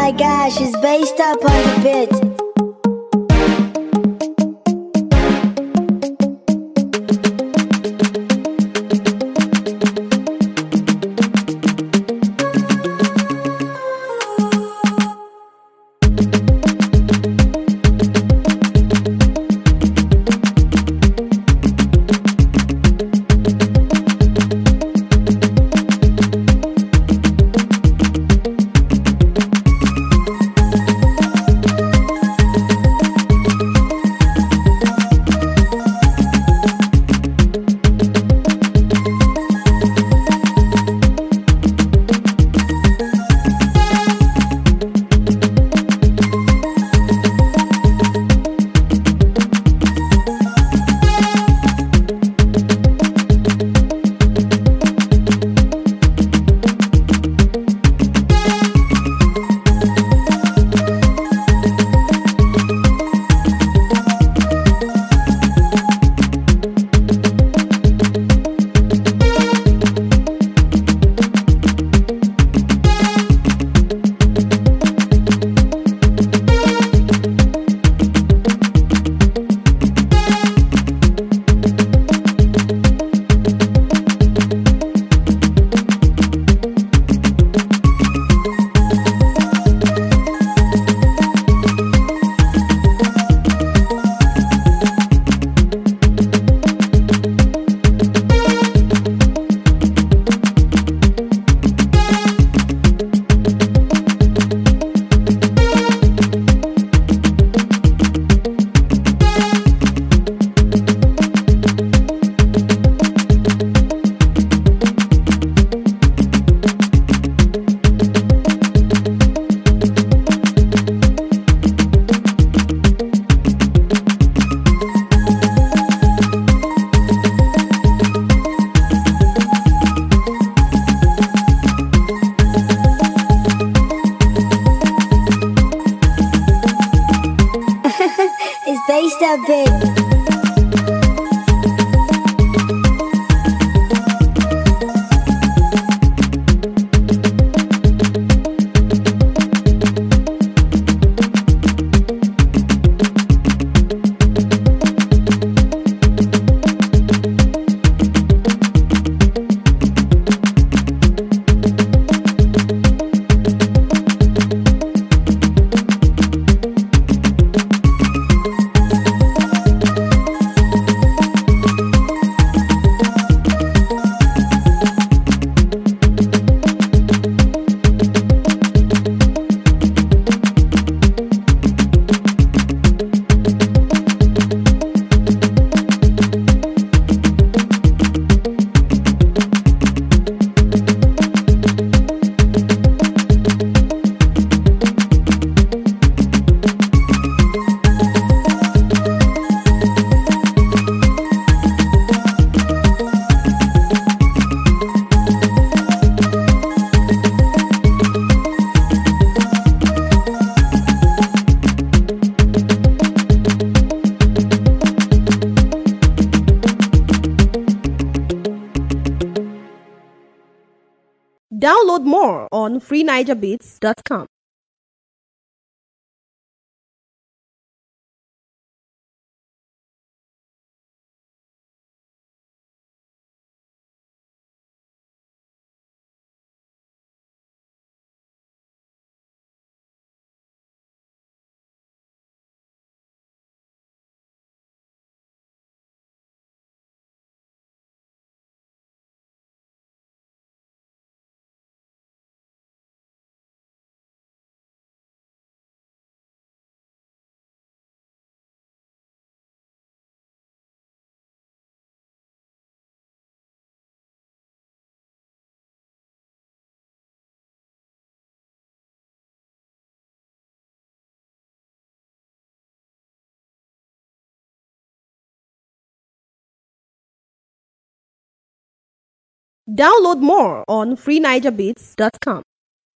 my gosh is based up on the bit. The Big. Download more on freenijabits.com. Download more on freeNigerBeats.com.